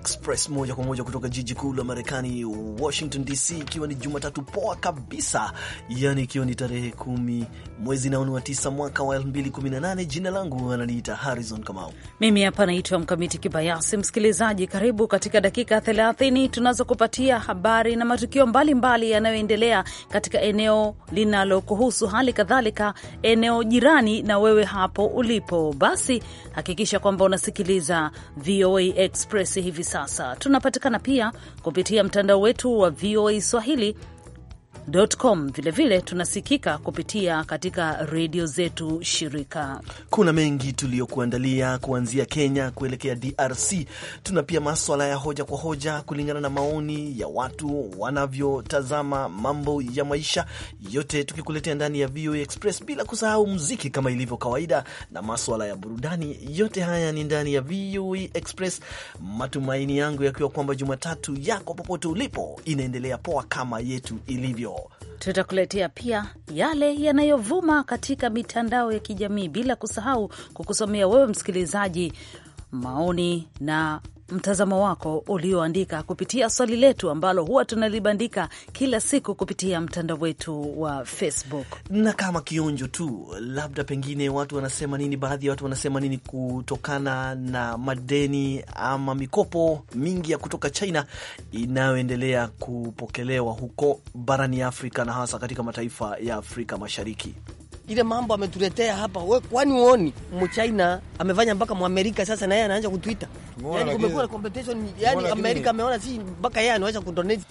Express moja kwa moja kutoka jiji kuu la Marekani, Washington DC, ikiwa ni Jumatatu poa kabisa, yani ikiwa ni tarehe kumi mwezi naoni wa tisa mwaka wa 2018. Jina langu ananiita Harrison Kamau, mimi hapa naitwa Mkamiti Kibayasi. Msikilizaji, karibu katika dakika 30 tunazokupatia habari na matukio mbalimbali yanayoendelea katika eneo linalokuhusu, hali kadhalika eneo jirani na wewe hapo ulipo. Basi hakikisha kwamba unasikiliza VOA Express hivi sasa sasa. Tunapatikana pia kupitia mtandao wetu wa VOA Swahili com. Vilevile tunasikika kupitia katika redio zetu shirika. Kuna mengi tuliyokuandalia kuanzia Kenya kuelekea DRC. Tuna pia maswala ya hoja kwa hoja kulingana na maoni ya watu wanavyotazama mambo ya maisha, yote tukikuletea ndani ya VOA e Express, bila kusahau muziki kama ilivyo kawaida na maswala ya burudani. Yote haya ni ndani ya VOA e Express, matumaini yangu yakiwa kwamba Jumatatu yako popote ulipo inaendelea poa kama yetu ilivyo. Tutakuletea pia yale yanayovuma katika mitandao ya kijamii, bila kusahau kukusomea wewe msikilizaji maoni na mtazamo wako ulioandika kupitia swali letu ambalo huwa tunalibandika kila siku kupitia mtandao wetu wa Facebook. Na kama kionjo tu, labda pengine watu wanasema nini, baadhi ya watu wanasema nini kutokana na madeni ama mikopo mingi ya kutoka China inayoendelea kupokelewa huko barani Afrika na hasa katika mataifa ya Afrika Mashariki ile mambo ametuletea hapa. We kwani uoni mchina amefanya mpaka muamerika sasa na yeye anaanza kutuita? Yani kumekuwa competition, yani Amerika ameona si mpaka yeye anaweza kudonate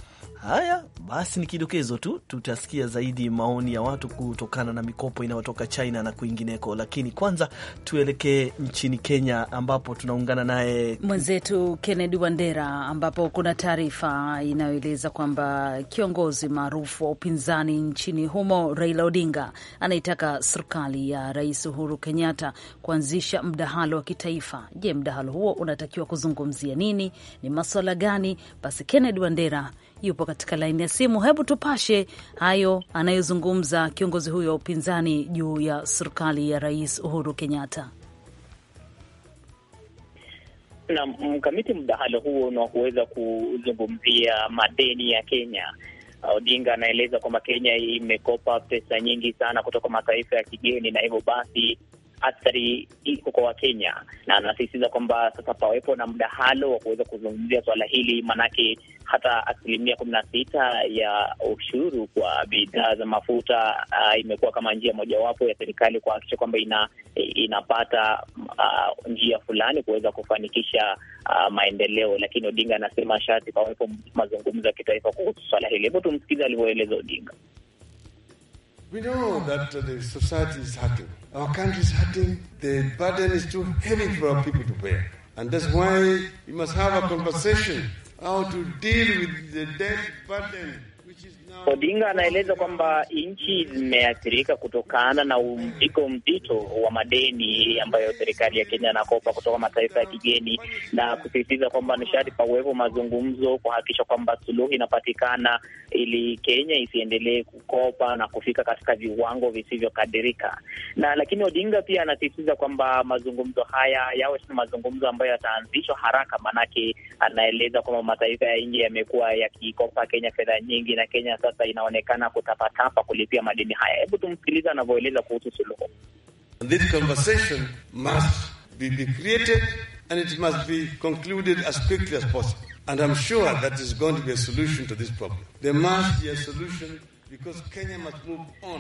Haya basi, ni kidokezo tu, tutasikia zaidi maoni ya watu kutokana na mikopo inayotoka China na kwingineko, lakini kwanza tuelekee nchini Kenya ambapo tunaungana naye mwenzetu Kennedy Wandera, ambapo kuna taarifa inayoeleza kwamba kiongozi maarufu wa upinzani nchini humo Raila Odinga anaitaka serikali ya Rais Uhuru Kenyatta kuanzisha mdahalo wa kitaifa. Je, mdahalo huo unatakiwa kuzungumzia nini? Ni maswala gani? Basi Kennedy Wandera yupo katika laini ya simu. Hebu tupashe hayo anayezungumza kiongozi huyo wa upinzani juu ya serikali ya Rais Uhuru Kenyatta. Na mkamiti mdahalo huo unakuweza kuzungumzia madeni ya Kenya. Odinga anaeleza kwamba Kenya imekopa pesa nyingi sana kutoka mataifa ya kigeni, na hivyo basi athari iko kwa Wakenya, na anasisitiza kwamba sasa pawepo na mdahalo wa kuweza kuzungumzia swala hili, maanake hata asilimia kumi na sita ya ushuru kwa bidhaa za mafuta uh, imekuwa kama njia mojawapo ya serikali kuhakikisha kwamba ina, inapata uh, njia fulani kuweza kufanikisha uh, maendeleo. Lakini Odinga anasema sharti pawepo mazungumzo ya kitaifa kuhusu swala hili. Hebu tumsikize alivyoeleza Odinga. We know that the society is hurting. Our country is hurting. The burden is too heavy for our people to bear. And that's why we must have a conversation how to deal with the debt burden Odinga anaeleza kwamba nchi zimeathirika kutokana na mzigo mzito wa madeni ambayo serikali ya Kenya anakopa kutoka mataifa ya kigeni, na kusisitiza kwamba nishati sharti pawepo mazungumzo kuhakikisha kwamba suluhu inapatikana ili Kenya isiendelee kukopa na kufika katika viwango visivyokadirika. Na lakini Odinga pia anasisitiza kwamba mazungumzo haya yawe ni mazungumzo ambayo yataanzishwa haraka, maanake anaeleza kwamba mataifa ya nje yamekuwa yakikopa Kenya fedha nyingi na Kenya sasa inaonekana kutapatapa kulipia madeni haya. Hebu tumsikiliza anavyoeleza kuhusu suluhu. This conversation must be, be created and it must be concluded as quickly as possible. And I'm sure that is going to be a solution to this problem. There must be a solution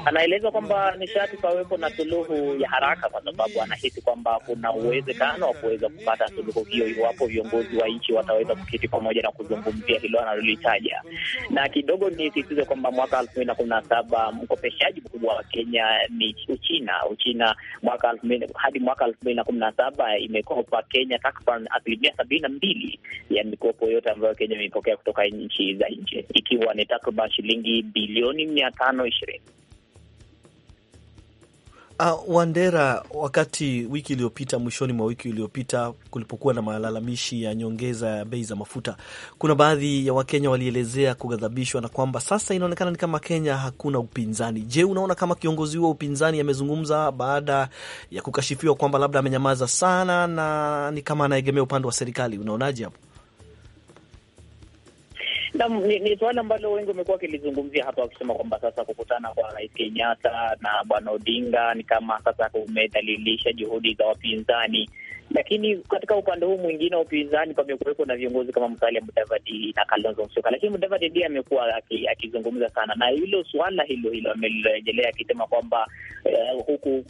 Anaeleza kwamba ni pawepo na suluhu ya haraka, kwa sababu anahisi kwamba kuna uwezekano wa kuweza kupata suluhu hiyo iwapo viongozi wa nchi wataweza kuketi pamoja na kuzungumzia hilo analolitaja. Na kidogo nisisitize kwamba mwaka elfu mbili na kumi na saba mkopeshaji mkubwa wa Kenya ni Uchina. Uchina mwaka hadi mwaka elfu mbili na kumi na saba imekopa Kenya takriban asilimia sabini na mbili ya mikopo yote ambayo Kenya imepokea kutoka nchi za nje, ikiwa ni takriban shilingi bilioni milioni mia tano ishirini. Uh, Wandera, wakati wiki iliyopita mwishoni mwa wiki iliyopita kulipokuwa na malalamishi ya nyongeza ya bei za mafuta, kuna baadhi ya Wakenya walielezea kughadhabishwa na kwamba sasa inaonekana ni kama Kenya hakuna upinzani. Je, unaona kama kiongozi huo upinzani amezungumza baada ya kukashifiwa kwamba labda amenyamaza sana na ni kama anaegemea upande wa serikali? Unaonaje hapo? Naam, ni suala ambalo wengi wamekuwa wakilizungumzia hapa wakisema kwamba sasa kukutana kwa Rais Kenyatta na Bwana Odinga ni kama sasa kumedhalilisha juhudi za wapinzani, lakini katika upande huu mwingine wa upinzani pamekuwepo na viongozi kama Musalia Mudavadi na Kalonzo Musyoka, lakini Mudavadi ndiye amekuwa akizungumza sana na hilo suala hilo hilo amelirejelea akisema kwamba eh, huku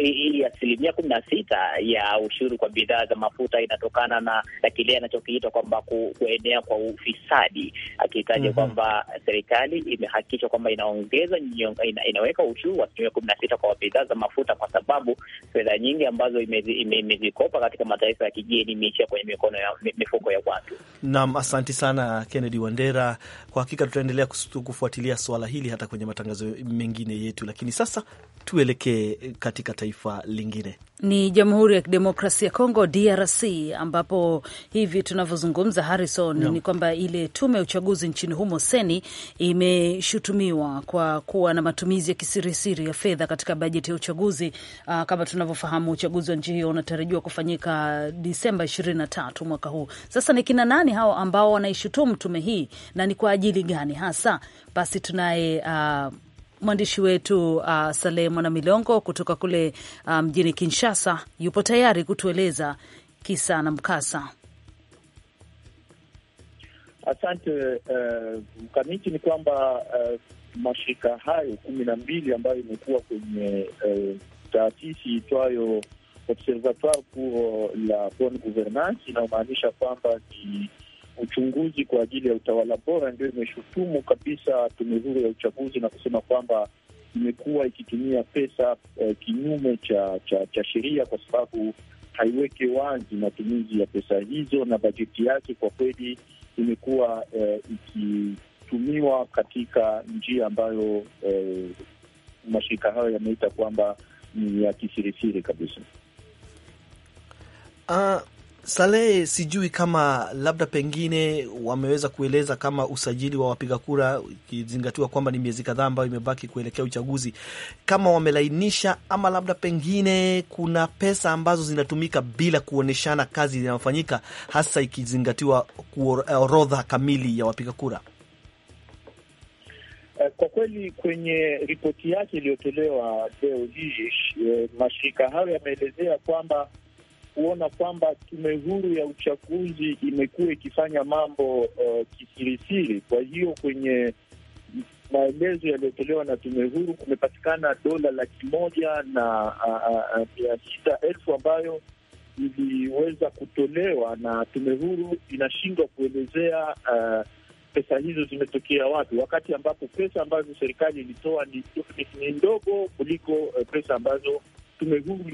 hii asilimia kumi na sita ya ushuru kwa bidhaa za mafuta inatokana na, na kile anachokiita kwamba ku, kuenea kwa ufisadi, akitaja mm -hmm. kwamba serikali imehakikishwa kwamba inaongeza ina, inaweka ushuru wa asilimia kumi na sita kwa bidhaa za mafuta kwa sababu fedha nyingi ambazo imezikopa ime, ime katika mataifa ya kigeni imeishia kwenye mikono ya mifuko ya watu. Naam, asanti sana Kennedy Wandera. Kwa hakika tutaendelea kufuatilia swala hili hata kwenye matangazo mengine yetu, lakini sasa tuelekee katika taifa lingine. Ni Jamhuri ya Kidemokrasia ya Kongo, DRC, ambapo hivi tunavyozungumza Harrison, no. ni kwamba ile tume ya uchaguzi nchini humo seni imeshutumiwa kwa kuwa na matumizi ya kisirisiri ya fedha katika bajeti ya uchaguzi. Uh, kama tunavyofahamu uchaguzi wa nchi hiyo unatarajiwa kufanyika Disemba 23 mwaka huu. Sasa ni kina nani hao ambao wanaishutumu tume hii na ni kwa ajili gani hasa? Basi tunaye uh, mwandishi wetu uh, Saleh Mwana Milongo kutoka kule uh, mjini um, Kinshasa yupo tayari kutueleza kisa na mkasa. Asante uh, mkamiti ni kwamba uh, mashirika hayo kumi na mbili ambayo imekuwa kwenye uh, taasisi itwayo Observatoire pour la bonne gouvernance inayomaanisha kwamba ni uchunguzi kwa ajili ya utawala bora ndio imeshutumu kabisa tume huru ya uchaguzi na kusema kwamba imekuwa ikitumia pesa eh, kinyume cha cha, cha sheria kwa sababu haiweke wazi matumizi ya pesa hizo, na bajeti yake kwa kweli imekuwa eh, ikitumiwa katika njia ambayo eh, mashirika hayo yameita kwamba ni ya kisirisiri kabisa. Uh, Salehe, sijui kama labda pengine wameweza kueleza kama usajili wa wapiga kura ikizingatiwa kwamba ni miezi kadhaa ambayo imebaki kuelekea uchaguzi, kama wamelainisha ama labda pengine kuna pesa ambazo zinatumika bila kuonyeshana kazi inayofanyika hasa ikizingatiwa orodha kamili ya wapiga kura. Eh, kwa kweli kwenye ripoti yake iliyotolewa leo hii, eh, mashirika hayo yameelezea kwamba kuona kwamba tume huru ya uchaguzi imekuwa ikifanya mambo uh, kisirisiri. Kwa hiyo kwenye maelezo yaliyotolewa na tume huru kumepatikana dola laki moja na uh, uh, uh, mia sita elfu ambayo iliweza kutolewa na tume huru inashindwa kuelezea uh, pesa hizo zimetokea wapi, wakati ambapo pesa ambazo serikali ilitoa ni, ni ndogo kuliko pesa ambazo tume huru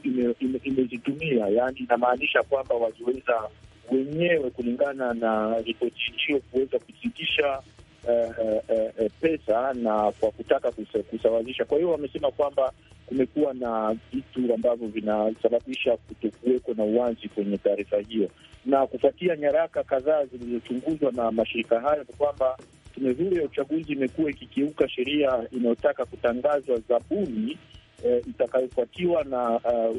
imezitumia, yaani inamaanisha kwamba waliweza wenyewe kulingana na ripoti hiyo kuweza kusitisha eh, eh, eh, pesa na kwa kutaka kusa, kusawazisha. Kwa hiyo wamesema kwamba kumekuwa na vitu ambavyo vinasababisha kutokuweko na uwazi kwenye taarifa hiyo, na kufuatia nyaraka kadhaa zilizochunguzwa na mashirika hayo ni kwamba tume huru ya uchaguzi imekuwa ikikiuka sheria inayotaka kutangazwa zabuni eh, itakayofuatiwa na uh,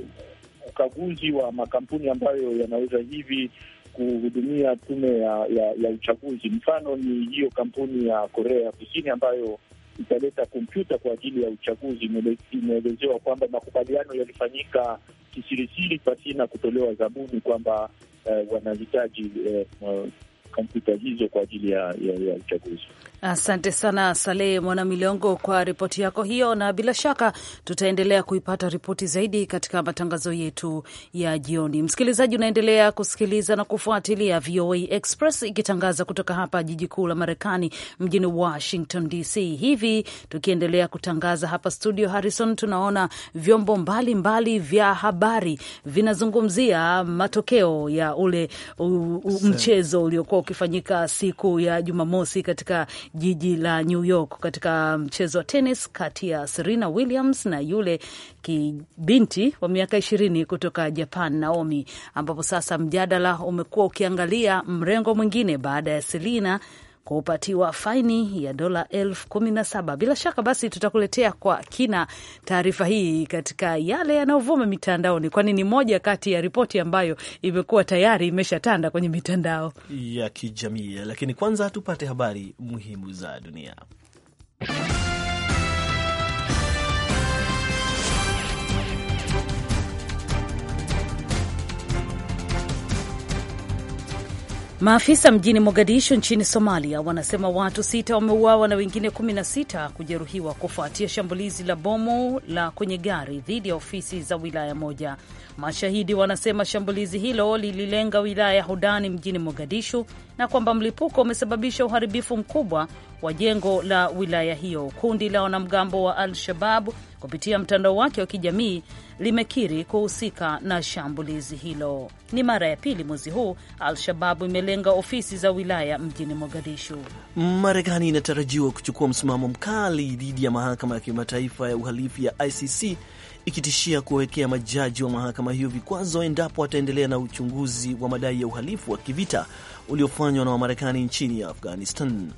ukaguzi wa makampuni ambayo yanaweza hivi kuhudumia tume ya, ya, ya uchaguzi. Mfano ni hiyo kampuni ya Korea ya Kusini ambayo italeta kompyuta kwa ajili ya uchaguzi. Imeelezewa kwamba makubaliano yalifanyika kisirisiri pasina kutolewa zabuni, kwamba eh, wanahitaji eh, kompyuta hizo kwa ajili ya, ya, ya uchaguzi. Asante sana Saleh Mwanamilongo kwa ripoti yako hiyo, na bila shaka tutaendelea kuipata ripoti zaidi katika matangazo yetu ya jioni. Msikilizaji, unaendelea kusikiliza na kufuatilia VOA Express ikitangaza kutoka hapa jiji kuu la Marekani, mjini Washington DC. Hivi tukiendelea kutangaza hapa studio, Harrison, tunaona vyombo mbalimbali mbali vya habari vinazungumzia matokeo ya ule u, u, mchezo uliokuwa ukifanyika siku ya Jumamosi katika jiji la New York, katika mchezo wa tenis kati ya Serena Williams na yule kibinti wa miaka ishirini kutoka Japan, Naomi, ambapo sasa mjadala umekuwa ukiangalia mrengo mwingine baada ya Serena kupatiwa faini ya dola elfu kumi na saba. Bila shaka basi tutakuletea kwa kina taarifa hii katika yale yanayovuma mitandaoni, kwani ni moja kati ya ripoti ambayo imekuwa tayari imeshatanda kwenye mitandao ya kijamii. Lakini kwanza tupate habari muhimu za dunia. Maafisa mjini Mogadishu nchini Somalia wanasema watu sita wameuawa na wengine 16 kujeruhiwa kufuatia shambulizi la bomu la kwenye gari dhidi ya ofisi za wilaya moja. Mashahidi wanasema shambulizi hilo lililenga wilaya ya hudani mjini Mogadishu na kwamba mlipuko umesababisha uharibifu mkubwa wa jengo la wilaya hiyo. Kundi la wanamgambo wa Al-Shabab kupitia mtandao wake wa kijamii limekiri kuhusika na shambulizi hilo. Ni mara ya pili mwezi huu Al-Shababu imelenga ofisi za wilaya mjini Mogadishu. Marekani inatarajiwa kuchukua msimamo mkali dhidi ya mahakama ya kimataifa ya uhalifu ya ICC ikitishia kuwawekea majaji wa mahakama hiyo vikwazo endapo ataendelea na uchunguzi wa madai ya uhalifu wa kivita uliofanywa na Wamarekani nchini ya Afghanistan.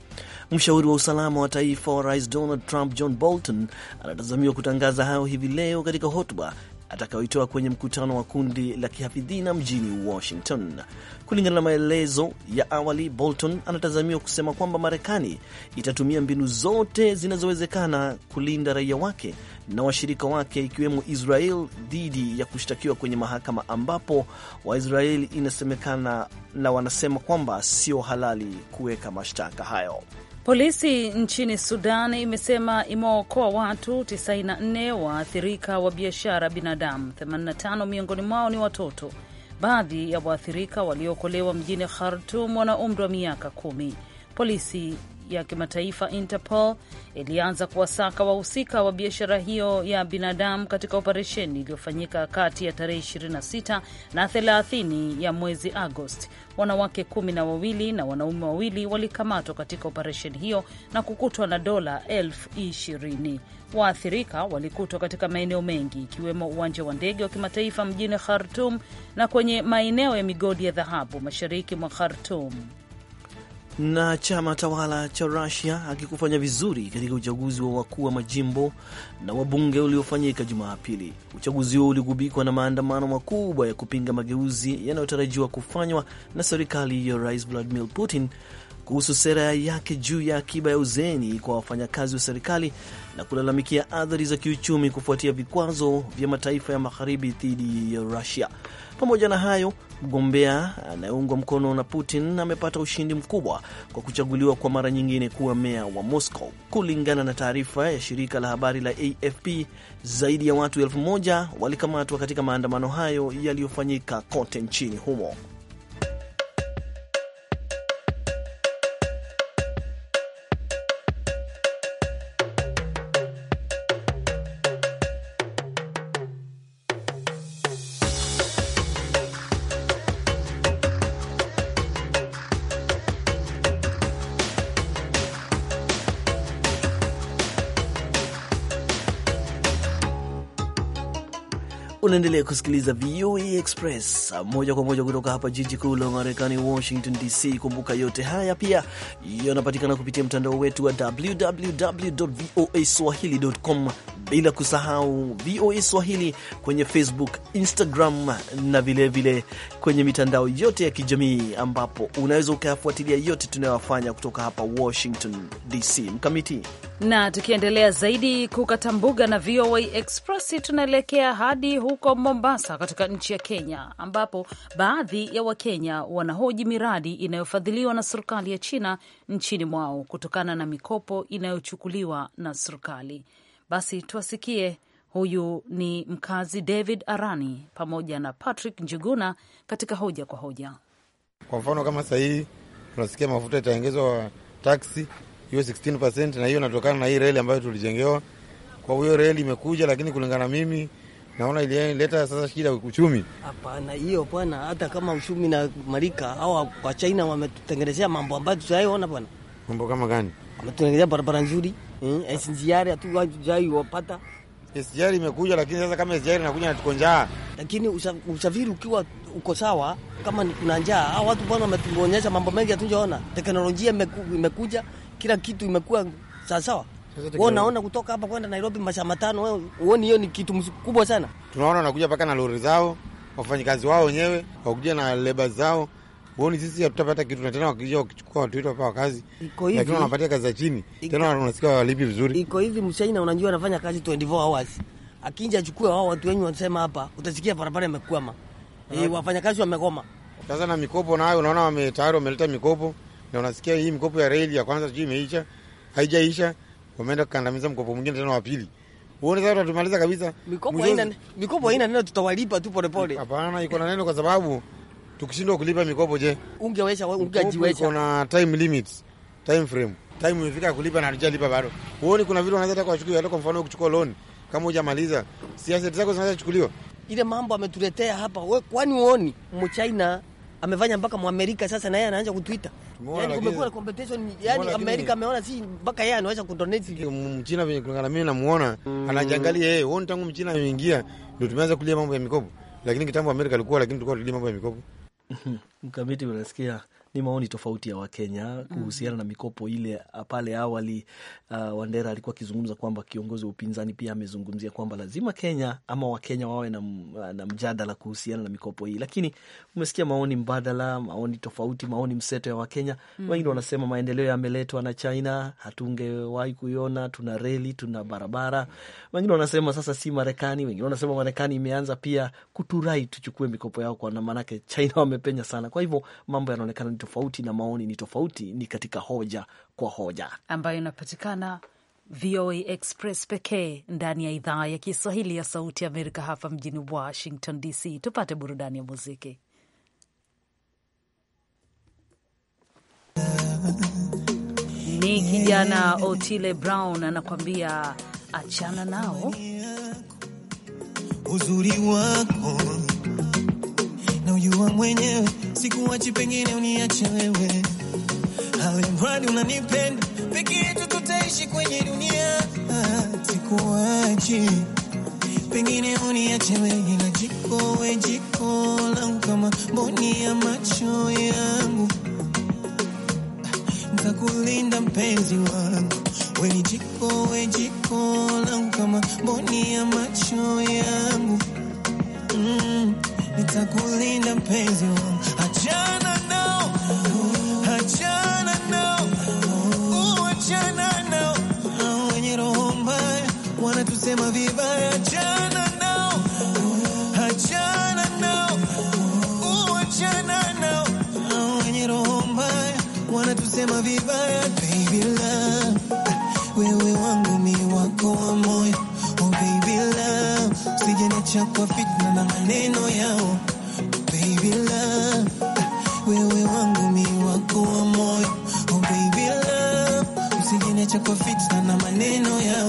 Mshauri wa usalama wa taifa wa rais Donald Trump, John Bolton, anatazamiwa kutangaza hayo hivi leo katika hotuba atakayoitoa kwenye mkutano wa kundi la kihafidhina mjini Washington. Kulingana na maelezo ya awali, Bolton anatazamiwa kusema kwamba Marekani itatumia mbinu zote zinazowezekana kulinda raia wake na washirika wake ikiwemo Israel dhidi ya kushtakiwa kwenye mahakama ambapo Waisraeli inasemekana na wanasema kwamba sio halali kuweka mashtaka hayo. Polisi nchini Sudan imesema imewaokoa watu 94 waathirika wa biashara binadamu, 85 miongoni mwao ni watoto. Baadhi ya waathirika waliookolewa mjini Khartum wana umri wa miaka kumi. Polisi ya kimataifa Interpol ilianza kuwasaka wahusika wa biashara hiyo ya binadamu katika operesheni iliyofanyika kati ya tarehe 26 na 30 ya mwezi Agosti. Wanawake kumi na wawili na wanaume wawili walikamatwa katika operesheni hiyo na kukutwa na dola elfu ishirini. Waathirika walikutwa katika maeneo mengi ikiwemo uwanja wa ndege wa kimataifa mjini Khartum na kwenye maeneo ya migodi ya dhahabu mashariki mwa Khartum na chama tawala cha rusia akikufanya vizuri katika uchaguzi wa wakuu wa majimbo na wabunge uliofanyika Jumapili. Uchaguzi huo uligubikwa na maandamano makubwa ya kupinga mageuzi yanayotarajiwa kufanywa na serikali ya Rais Vladimir Putin kuhusu sera yake juu ya akiba ya uzeeni kwa wafanyakazi wa serikali na kulalamikia athari za kiuchumi kufuatia vikwazo vya mataifa ya magharibi dhidi ya rusia pamoja na hayo, mgombea anayeungwa mkono na Putin amepata ushindi mkubwa kwa kuchaguliwa kwa mara nyingine kuwa meya wa Moscow. Kulingana na taarifa ya shirika la habari la AFP, zaidi ya watu elfu moja walikamatwa katika maandamano hayo yaliyofanyika kote nchini humo. Endelea kusikiliza VOA e Express moja kwa moja kutoka hapa jiji kuu la Marekani, Washington DC. Kumbuka yote haya pia yanapatikana kupitia mtandao wetu wa www voa swahili.com bila kusahau VOA Swahili kwenye Facebook, Instagram na vilevile vile kwenye mitandao yote ya kijamii, ambapo unaweza ukayafuatilia yote tunayoyafanya kutoka hapa Washington DC. Mkamiti na tukiendelea zaidi kukata mbuga na VOA Express, tunaelekea hadi huko Mombasa katika nchi ya Kenya, ambapo baadhi ya Wakenya wanahoji miradi inayofadhiliwa na serikali ya China nchini mwao kutokana na mikopo inayochukuliwa na serikali. Basi tuwasikie. Huyu ni mkazi David Arani pamoja na Patrick Njuguna katika hoja kwa hoja. Kwa mfano kama sahii tunasikia mafuta itaongezwa taksi hiyo 16% na hiyo inatokana na hii reli ambayo tulijengewa. Kwa hiyo reli imekuja, lakini kulingana mimi naona ilileta sasa shida uchumi. Hapana, hiyo bwana, hata kama uchumi na marika au kwa China wametutengenezea mambo ambayo tutayaona bwana. Mambo kama gani? Wametutengenezea barabara nzuri Mm, eh, SGR hatujai wapata. SGR eh, imekuja lakini sasa kama SGR inakuja na tuko njaa. Lakini usafiri ukiwa uko sawa kama kuna njaa, hao watu bwana wametuonyesha mambo mengi hatujaona. Teknolojia imekuja, kila kitu imekuwa sawa sawa. Wewe unaona kutoka hapa kwenda Nairobi masaa matano, wewe uone hiyo ni kitu kubwa sana. Tunaona wanakuja mpaka na lori zao, wafanyikazi wao wenyewe, wakuja na leba zao Boni sisi hatutapata kitu na tena wakija wakichukua watu wetu hapa kazi. Lakini wanapatia kazi za chini. Tena wanasikia walipi vizuri. Iko hivi mchaina unajua anafanya kazi 24 hours. akija achukue hao watu wenyu wanasema hapa utasikia barabara imekwama. e, eh, wafanya kazi wamegoma. Sasa na mikopo nayo unaona wametayari wameleta mikopo na unasikia hii mikopo ya reli ya kwanza sijui imeisha. Haijaisha. Wameenda kukandamiza mkopo mwingine tena wa pili. Uone sasa tutamaliza kabisa. Mikopo haina mikopo haina neno tutawalipa tu pole pole. Hapana, iko na neno kwa sababu tukishindwa kulipa mikopo, je, ungeweza ungejiweza? Kuna time limit, time frame, time imefika kulipa na hujalipa bado. Huoni kuna vitu wanaweza taka Hata kwa mfano kuchukua loan kama hujamaliza, si asset zako zinaweza chukuliwa. Ile mambo ametuletea hapa wewe, kwani uoni mchina amefanya mpaka Mwamerika sasa na yeye anaanza kutwita. Yani kumekuwa competition, yani yaani Amerika ameona si mpaka yeye anaweza kudonate. Mchina venye kulingana mimi namuona anajiangalia yeye, woni tangu mchina ameingia ndio tumeanza kulia mambo ya mikopo, lakini kitambo Amerika alikuwa, lakini tulikuwa tulia mambo ya mikopo mkamiti unasikia ni maoni tofauti ya Wakenya kuhusiana mm. na mikopo ile. Ah, pale awali uh, Wandera alikuwa akizungumza kwamba kiongozi wa upinzani pia amezungumzia kwamba lazima Kenya ama Wakenya wawe na, ah, na mjadala kuhusiana na mikopo hii, lakini umesikia maoni mbadala, maoni tofauti, maoni mseto ya Wakenya mm. Wengine wanasema maendeleo yameletwa na China, hatungewahi kuiona. Tuna reli, tuna barabara. Wengine wanasema sasa si Marekani, wengine wanasema Marekani imeanza pia kuturai tuchukue mikopo yao, kwa maanake China wamepenya sana. Kwa hivyo mambo yanaonekana tofauti na maoni ni tofauti, ni katika hoja kwa hoja ambayo inapatikana VOA Express pekee ndani ya idhaa ya Kiswahili ya Sauti ya Amerika hapa mjini Washington DC. Tupate burudani ya muziki. Ni kijana Otile Brown anakuambia achana nao uzuri wako unajua mwenyewe, sikuachi, pengine uniache wewe, awe mradi unanipenda, peke yetu tutaishi kwenye dunia. Ah, sikuachi, pengine uniache wewe, na jiko we jiko langu kama mboni ya macho yangu, nitakulinda mpenzi wangu, we jiko we jiko langu kama mboni ya macho yangu mm nitakulinda mpenzi wangu, achana nao, achana nao, achana nao, na wenye roho mbaya wanatusema vibaya, achana nao, achana nao, achana nao, na wenye roho mbaya wanatusema vibaya kujiepusha kwa fitna na maneno yao. Baby love, wewe wangu mi wako wa moyo. Oh baby love, usijeniacha kwa fitna na maneno yao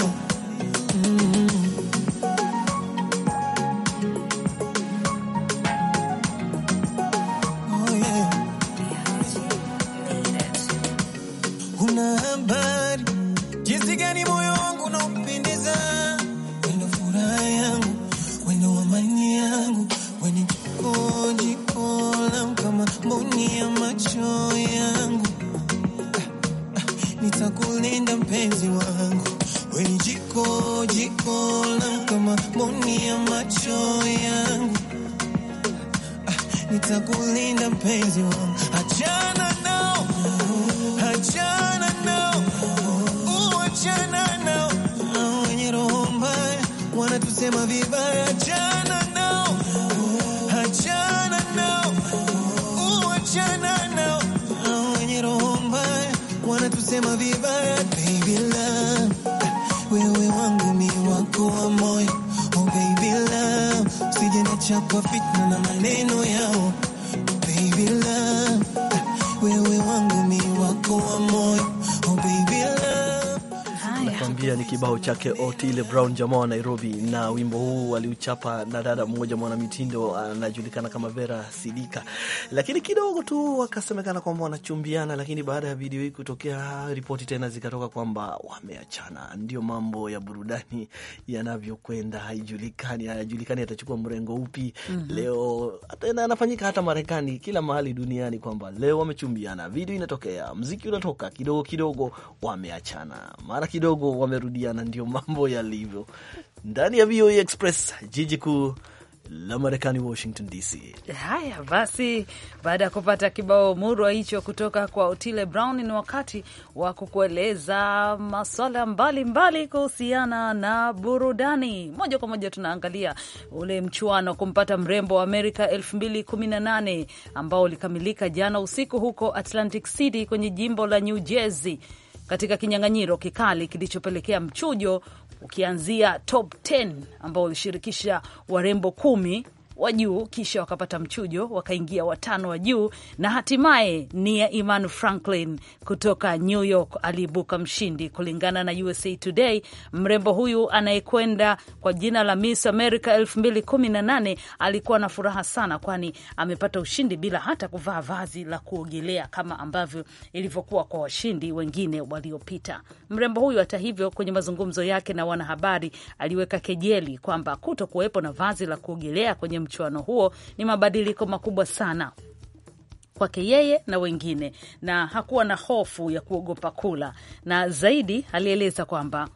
macho yangu, nitakulinda mpenzi wangu, we ni jiko jiko langu, kama ya macho yangu, nitakulinda mpenzi wangu, achana nao, achana nao, uachana nao, wenye roho mbaya wanatusema vibaya kuwaficha kwa fitna na maneno yao kibao chake Otile Brown, jamaa wa Nairobi, na wimbo huu aliuchapa na dada mmoja mwanamitindo anajulikana kama Vera Sidika, lakini kidogo tu wakasemekana kwamba wanachumbiana, lakini baada ya video hii kutokea, ripoti tena zikatoka kwamba wameachana. Ndio mambo ya burudani yanavyokwenda, haijulikani, hayajulikani atachukua mrengo upi. mm -hmm. Leo tena anafanyika hata Marekani, kila mahali duniani kwamba leo wamechumbiana, video inatokea, mziki unatoka, kidogo kidogo wameachana, mara kidogo wamerudi na Ndio mambo yalivyo ndani ya VOA e Express, jiji kuu la Marekani, Washington DC. Haya basi, baada ya kupata kibao murwa hicho kutoka kwa Otile Brown, ni wakati wa kukueleza maswala mbalimbali kuhusiana na burudani. Moja kwa moja tunaangalia ule mchuano kumpata mrembo wa Amerika 2018 ambao ulikamilika jana usiku huko Atlantic City kwenye jimbo la New Jersey katika kinyang'anyiro kikali kilichopelekea mchujo ukianzia top 10 ambao ulishirikisha warembo kumi wa juu, kisha wakapata mchujo, wakaingia watano wa juu, na hatimaye ni ya Iman Franklin kutoka New York aliibuka mshindi, kulingana na USA Today. Mrembo huyu anayekwenda kwa jina la Miss America 2018 alikuwa na furaha sana, kwani amepata ushindi bila hata kuvaa vazi la kuogelea kama ambavyo ilivyokuwa kwa washindi wengine waliopita. Mrembo huyu hata hivyo, kwenye mazungumzo yake na wanahabari, aliweka kejeli kwamba kuto kuwepo na vazi la kuogelea kwenye mchuano huo ni mabadiliko makubwa sana kwake yeye na wengine, na hakuwa na hofu ya kuogopa kula. Na zaidi alieleza kwamba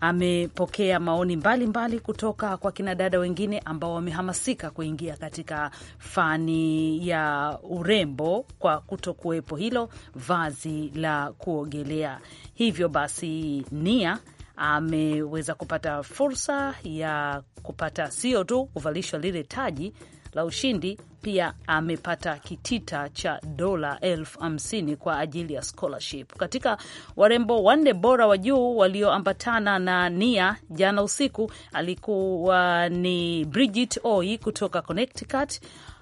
amepokea maoni mbalimbali mbali kutoka kwa kinadada wengine ambao wamehamasika kuingia katika fani ya urembo kwa kuto kuwepo hilo vazi la kuogelea. Hivyo basi nia ameweza kupata fursa ya kupata sio tu kuvalishwa lile taji la ushindi, pia amepata kitita cha dola elfu hamsini kwa ajili ya scholarship. Katika warembo wanne bora wa juu walioambatana na Nia jana usiku alikuwa ni Bridget Oi kutoka Connecticut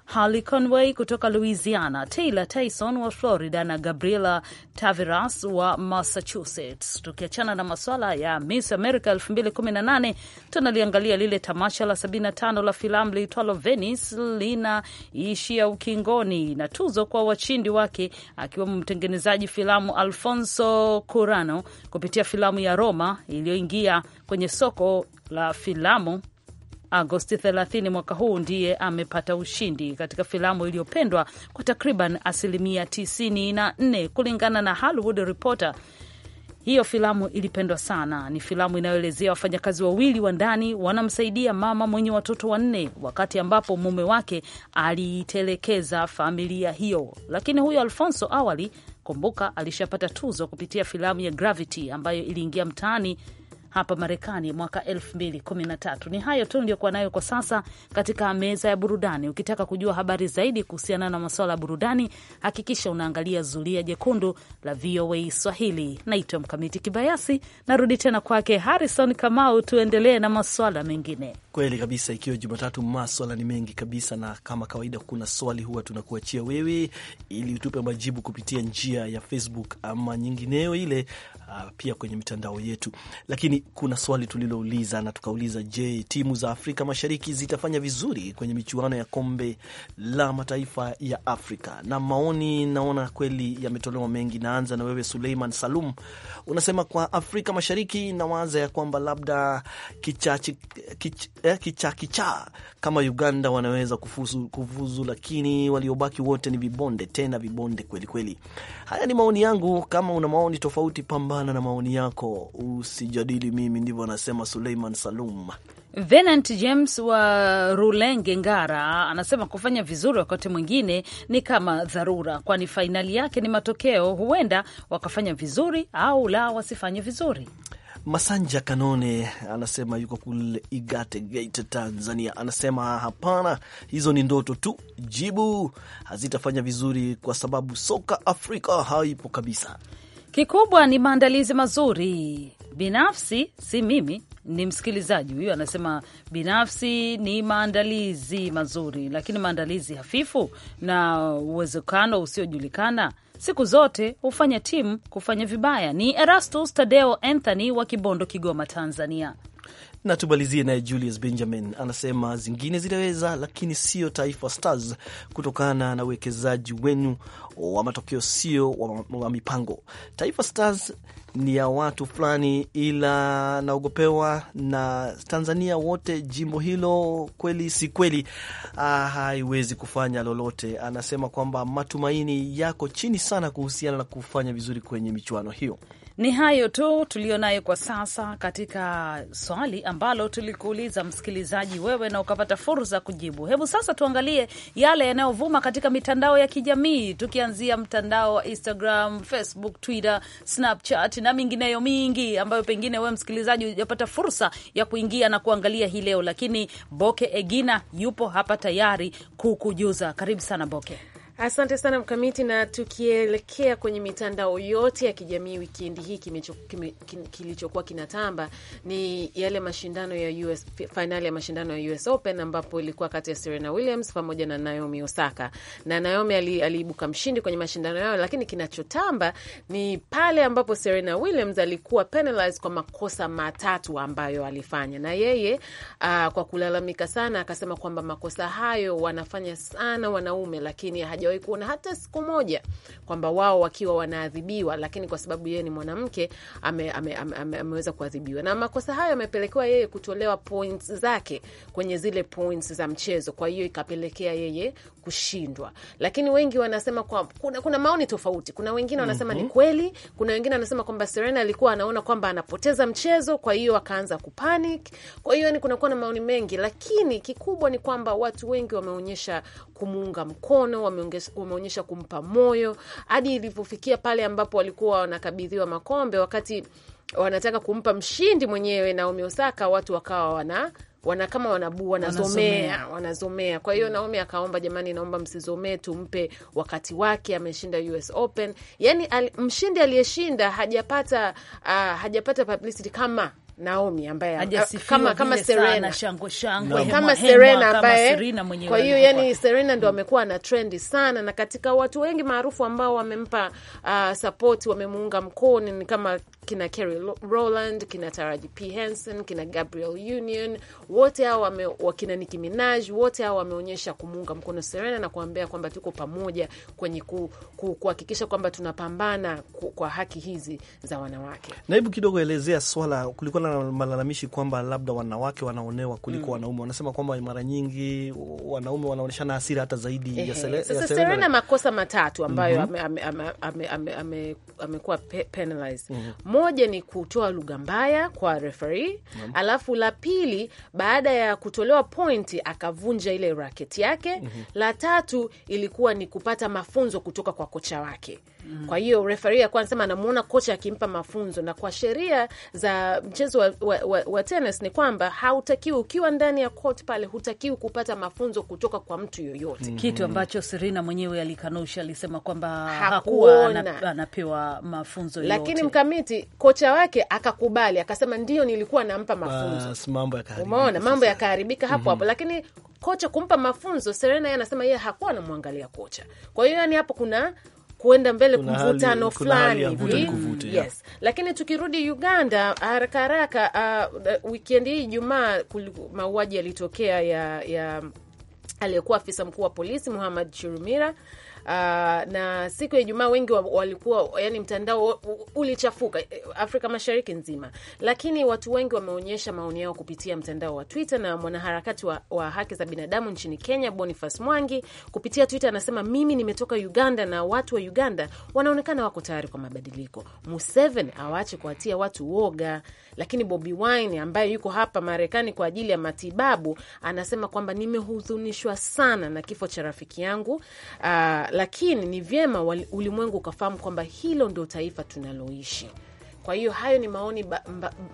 Harley Conway kutoka Louisiana, Taylor Tyson wa Florida na Gabriela Taveras wa Massachusetts. Tukiachana na masuala ya Miss America 2018 tunaliangalia lile tamasha la 75 la filamu liitwalo Venice linaishia ukingoni na tuzo kwa washindi wake akiwemo mtengenezaji filamu Alfonso Curano kupitia filamu ya Roma iliyoingia kwenye soko la filamu Agosti 30 mwaka huu ndiye amepata ushindi katika filamu iliyopendwa kwa takriban asilimia 94 kulingana na Hollywood Reporter. Hiyo filamu ilipendwa sana. Ni filamu inayoelezea wafanyakazi wawili wa ndani wanamsaidia mama mwenye watoto wanne wakati ambapo mume wake aliitelekeza familia hiyo. Lakini huyo Alfonso awali, kumbuka, alishapata tuzo kupitia filamu ya Gravity ambayo iliingia mtaani hapa Marekani mwaka 2013. Ni hayo tu niliyokuwa nayo kwa sasa katika meza ya burudani. Ukitaka kujua habari zaidi kuhusiana na masuala ya burudani, hakikisha unaangalia Zulia Jekundu la VOA Swahili. Naitwa Mkamiti Kibayasi, narudi tena kwake Harrison Kamau tuendelee na masuala mengine. Kweli kabisa, ikiwa Jumatatu, maswala ni mengi kabisa, na kama kawaida, kuna swali huwa tunakuachia wewe ili utupe majibu kupitia njia ya Facebook ama nyingineo ile, uh, pia kwenye mitandao yetu. Lakini kuna swali tulilouliza na tukauliza, je, timu za Afrika Mashariki zitafanya vizuri kwenye michuano ya kombe la mataifa ya Afrika? Na maoni naona kweli yametolewa mengi. Naanza na wewe Suleiman Salum, unasema kwa Afrika Mashariki nawaza ya kwamba labda kichachi kich, eh, kichaa kichaa kama Uganda wanaweza kufuzu, kufuzu, lakini waliobaki wote ni vibonde tena vibonde kweli kweli. Haya ni maoni yangu. Kama una maoni tofauti, pambana na maoni yako, usijadili mimi. Ndivyo anasema Suleiman Salum. Venant James wa Rulenge Ngara anasema kufanya vizuri wakati mwingine ni kama dharura, kwani fainali yake ni matokeo. Huenda wakafanya vizuri au la wasifanye vizuri. Masanja Kanone anasema yuko kule Igate Gate, Tanzania. Anasema hapana, hizo ni ndoto tu, jibu hazitafanya vizuri kwa sababu soka Afrika haipo kabisa. Kikubwa ni maandalizi mazuri binafsi, si mimi, ni msikilizaji huyu anasema binafsi ni maandalizi mazuri, lakini maandalizi hafifu na uwezekano usiojulikana siku zote hufanya timu kufanya vibaya. Ni Erastus Tadeo Anthony wa Kibondo, Kigoma, Tanzania na tumalizie naye Julius Benjamin anasema zingine zinaweza, lakini sio Taifa Stars kutokana na uwekezaji wenu wa matokeo, sio wa, wa mipango. Taifa Stars ni ya watu fulani, ila naogopewa na Tanzania wote. Jimbo hilo kweli si kweli, ah, haiwezi kufanya lolote. Anasema kwamba matumaini yako chini sana kuhusiana na kufanya vizuri kwenye michuano hiyo. Ni hayo tu tuliyonayo kwa sasa katika swali ambalo tulikuuliza msikilizaji wewe, na ukapata fursa kujibu. Hebu sasa tuangalie yale yanayovuma katika mitandao ya kijamii, tukianzia mtandao wa Instagram, Facebook, Twitter, Snapchat na mingineyo mingi ambayo pengine wewe msikilizaji hujapata fursa ya kuingia na kuangalia hii leo, lakini Boke Egina yupo hapa tayari kukujuza. Karibu sana Boke. Asante sana Mkamiti, na tukielekea kwenye mitandao yote ya kijamii wikendi hii kilichokuwa kinatamba ni yale mashindano ya US, fainali ya mashindano ya US Open ambapo ilikuwa kati ya Serena Williams pamoja na Naomi Osaka, na Naomi aliibuka mshindi kwenye mashindano yao, lakini kinachotamba ni pale ambapo Serena Williams alikuwa penalized kwa makosa matatu ambayo alifanya, na yeye uh, kwa kulalamika sana akasema kwamba makosa hayo wanafanya sana wanaume, lakini haja sijawahi kuona hata siku moja kwamba wao wakiwa wanaadhibiwa, lakini kwa sababu yeye ni mwanamke ame, ame, ame, ame, ameweza kuadhibiwa, na makosa hayo yamepelekewa yeye kutolewa points zake kwenye zile points za mchezo, kwa hiyo ikapelekea yeye kushindwa. Lakini wengi wanasema kwa, kuna, kuna maoni tofauti. Kuna wengine wanasema mm -hmm. ni mhm. kweli, kuna wengine wanasema kwamba Serena alikuwa anaona kwamba anapoteza mchezo, kwa hiyo akaanza kupanic. Kwa hiyo ni kunakuwa na maoni mengi, lakini kikubwa ni kwamba watu wengi wameonyesha kumuunga mkono wame wameonyesha kumpa moyo hadi ilipofikia pale ambapo walikuwa wanakabidhiwa makombe wakati wanataka kumpa mshindi mwenyewe Naomi Osaka, watu wakawa wana wana kama wanabu wanazomea wanazomea. Kwa hiyo Naomi akaomba, jamani, naomba msizomee, tumpe wakati wake, ameshinda US Open. Yani al, mshindi aliyeshinda hajapata uh, hajapata publicity kama Naomi ambaye kama kama Serena shangwe shangwe kama Serena ambaye, kwa hiyo yani Serena ndo amekuwa na trendi sana, na katika watu wengi maarufu ambao wamempa uh, sapoti wamemuunga mkono ni kama kina Kerry Rowland, kina Taraji P Henson, kina Gabriel Union, wote hao wame, wakina Nicki Minaj, wote hao wameonyesha kumuunga mkono Serena na kuambia kwamba tuko pamoja kwenye kuhakikisha ku, kwamba tunapambana ku, kwa haki hizi za wanawake. Na hebu kidogo elezea swala, kulikuwa na malalamishi kwamba labda wanawake wanaonewa kuliko mm, wanaume. Wanasema kwamba mara nyingi wanaume wanaonyeshana hasira hata zaidi Ehe. ya sele, sasa ya Serena, Serena makosa matatu ambayo mm -hmm. amekuwa ame, ame, ame, ame, ame, ame penalized mm -hmm moja ni kutoa lugha mbaya kwa referee, alafu la pili baada ya kutolewa pointi akavunja ile raket yake. Mhm. La tatu ilikuwa ni kupata mafunzo kutoka kwa kocha wake. Kwa hiyo refarii akuwa anasema anamuona kocha akimpa mafunzo, na kwa sheria za mchezo wa, wa, wa, wa tenis ni kwamba hautakiwi ukiwa ndani ya court pale, hutakiwi kupata mafunzo kutoka kwa mtu yoyote, mm-hmm. kitu ambacho Serena mwenyewe alikanusha, alisema kwamba hakuwa anapewa mafunzo yoyote. Lakini mkamiti kocha wake akakubali, akasema ndio, nilikuwa nampa mafunzo. Umeona mambo yakaharibika hapo hapo, mm-hmm. lakini kocha kumpa mafunzo Serena, yeye anasema yeye hakuwa anamwangalia kocha. Kwa hiyo yani hapo kuna kuenda mbele, kumvutano fulani hivi yes. Lakini tukirudi Uganda haraka haraka, uh, uh wikendi hii Ijumaa mauaji yalitokea ya, ya aliyekuwa afisa mkuu wa polisi Muhammad Chirumira Uh, na siku ya Ijumaa wengi walikuwa yani, mtandao ulichafuka eh, Afrika Mashariki nzima, lakini watu wengi wameonyesha maoni yao kupitia mtandao wa Twitter. Na mwanaharakati wa, wa haki za binadamu nchini Kenya Boniface Mwangi kupitia Twitter anasema, mimi nimetoka Uganda na watu wa Uganda wanaonekana wako tayari kwa mabadiliko. Museveni awache kuwatia watu woga. Lakini Bobi Wine ambaye yuko hapa Marekani kwa ajili ya matibabu anasema kwamba nimehuzunishwa sana na kifo cha rafiki yangu uh, lakini ni vyema ulimwengu ukafahamu kwamba hilo ndio taifa tunaloishi. Kwa hiyo hayo ni maoni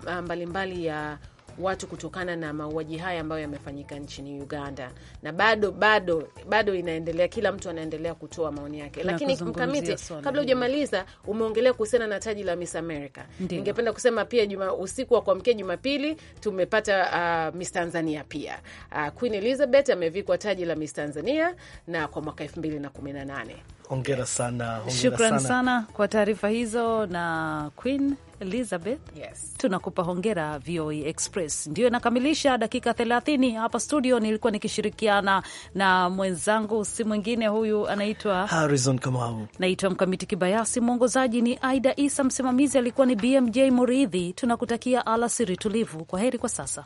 mbalimbali mbali ya watu kutokana na mauaji haya ambayo yamefanyika nchini Uganda, na bado bado bado inaendelea, kila mtu anaendelea kutoa maoni yake. Lakini Mkamiti, kabla hujamaliza, umeongelea kuhusiana na taji la Miss America. Ningependa kusema pia juma, usiku wa kuamkia Jumapili tumepata uh, Miss Tanzania pia uh, Queen Elizabeth amevikwa taji la Miss Tanzania na kwa mwaka elfu mbili na kumi na nane. Hongera sana, shukran sana, sana kwa taarifa hizo na Queen Elizabeth. Yes. Tunakupa hongera VOA e Express. Ndio inakamilisha dakika 30 hapa studio. Nilikuwa nikishirikiana na mwenzangu, si mwingine huyu, anaitwa Harrison Kamau. Naitwa Mkamiti Kibayasi, mwongozaji ni Aida Isa, msimamizi alikuwa ni BMJ Muridhi. Tunakutakia alasiri tulivu. Kwa heri kwa sasa.